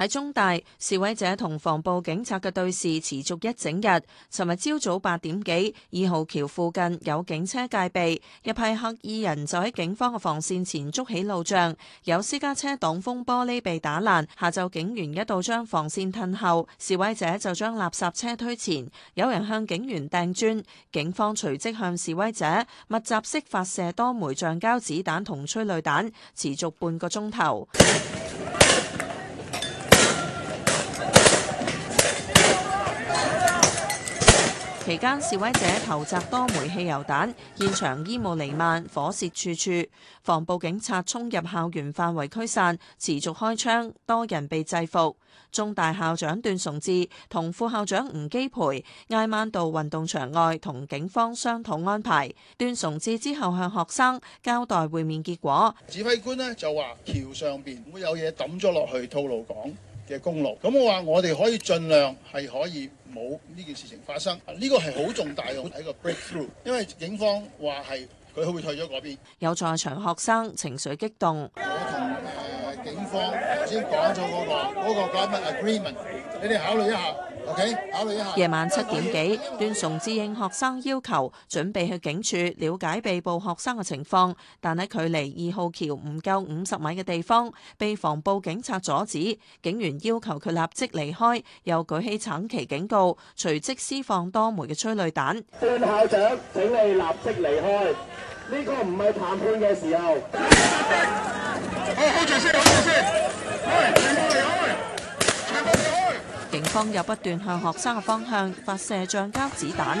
喺中大，示威者同防暴警察嘅對峙持續一整日。尋日朝早八點幾，二號橋附近有警車戒備，一批黑衣人就喺警方嘅防線前捉起路障，有私家車擋風玻璃被打爛。下晝警員一度將防線褪後，示威者就將垃圾車推前，有人向警員掟磚，警方隨即向示威者密集式發射多枚橡膠子彈同催淚彈，持續半個鐘頭。期間，示威者投擲多枚汽油彈，現場煙霧瀰漫，火舌處處。防暴警察衝入校園範圍驅散，持續開槍，多人被制服。中大校長段崇智同副校長吳基培挨晚到運動場外同警方商討安排。段崇智之後向學生交代會面結果。指揮官呢就話橋上面會有嘢抌咗落去，吐露港嘅公路，咁我話我哋可以盡量係可以冇呢件事情發生，呢個係好重大嘅一個 breakthrough，因為警方話係佢會退咗嗰邊。有在場學生情緒激動，我同誒警方頭先講咗個、嗰個嗰個講乜 agreement，你哋考慮一下。夜、okay, 晚七點幾，段崇智應學生要求，準備去警署了解被捕學生嘅情況，但喺距離二號橋唔夠五十米嘅地方，被防暴警察阻止，警員要求佢立即離開，又舉起橙旗警告，隨即施放多枚嘅催淚彈。段校長，請你立即離開。呢、這個唔係談判嘅時候。好，好，好，方又不斷向學生嘅方向發射橡膠子彈，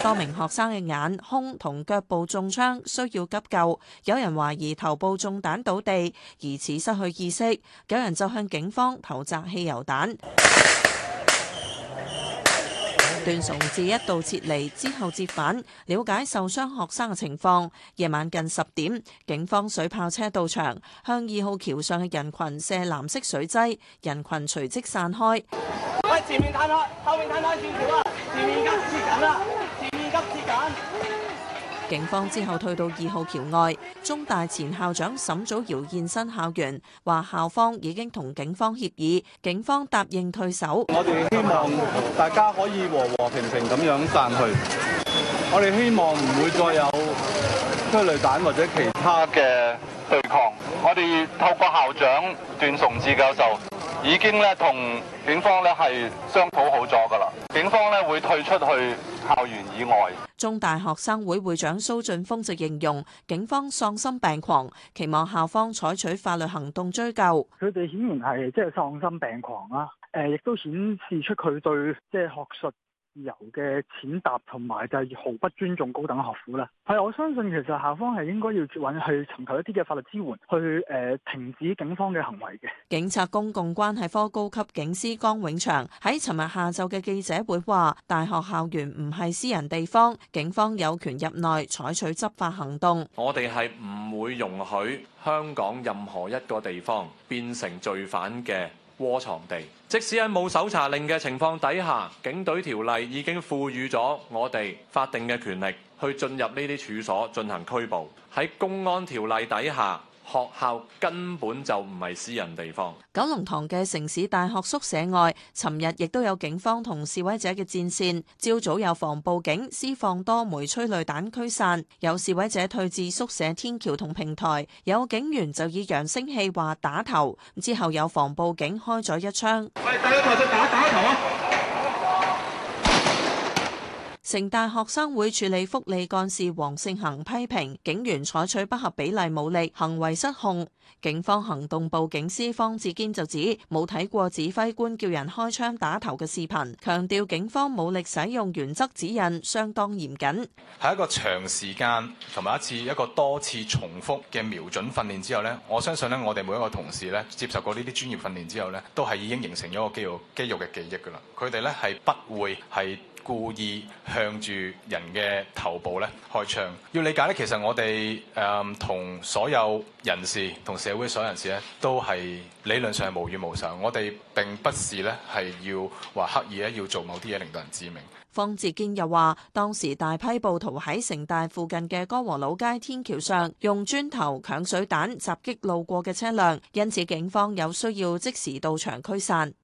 多名學生嘅眼、胸同腳部中槍，需要急救。有人懷疑頭部中彈倒地，疑似失去意識。有人就向警方投擲汽油彈。段崇智一度撤離之後折返，了解受傷學生嘅情況。夜晚近十點，警方水炮車到場，向二號橋上嘅人群射藍色水劑，人群隨即散開。前面後面歎歎前面警方之後退到二號橋外，中大前校長沈祖堯現身校園，話校方已經同警方協議，警方答應退守。我哋希望大家可以和和平平咁樣散去，我哋希望唔會再有催淚彈或者其他嘅對抗。我哋透過校長段崇智教授已經咧同警方咧係商討好咗㗎啦，警方咧會退出去。校園以外，中大學生會會長蘇俊峰就形容警方喪心病狂，期望校方採取法律行動追究。佢哋顯然係即係喪心病狂啦，誒，亦都顯示出佢對即係學術由嘅踐踏同埋就係毫不尊重高等學府啦。係，我相信其實校方係應該要揾去尋求一啲嘅法律支援，去誒停止警方嘅行為嘅。警察公共關係科高級警司江永祥喺尋日下晝嘅記者會話：大學校園唔係私人地方，警方有權入內採取執法行動。我哋係唔會容許香港任何一個地方變成罪犯嘅窩藏地，即使喺冇搜查令嘅情況底下，警隊條例已經賦予咗我哋法定嘅權力，去進入呢啲處所進行拘捕。喺公安條例底下。學校根本就唔係私人地方。九龍塘嘅城市大學宿舍外，尋日亦都有警方同示威者嘅戰線。朝早有防暴警施放多枚催淚彈驅散，有示威者退至宿舍天橋同平台，有警員就以揚聲器話打頭，之後有防暴警開咗一槍。喂，打頭，打，打頭啊！城大學生會處理福利幹事黃勝恆批評警員採取不合比例武力行為失控，警方行動部警司方志堅就指冇睇過指揮官叫人開槍打頭嘅視頻，強調警方武力使用原則指引相當嚴謹，喺一個長時間同埋一次一個多次重複嘅瞄準訓練之後呢，我相信呢，我哋每一個同事呢，接受過呢啲專業訓練之後呢，都係已經形成咗個肌肉肌肉嘅記憶噶啦，佢哋呢係不會係。故意向住人嘅頭部咧開槍。要理解咧，其實我哋誒、嗯、同所有人士同社會所有人士咧，都係理論上係無怨無仇，我哋並不是咧係要話刻意咧要做某啲嘢，令到人致命。方志堅又話，當時大批暴徒喺城大附近嘅歌和老街天橋上，用磚頭、鏹水彈襲擊路過嘅車輛，因此警方有需要即時到場驅散。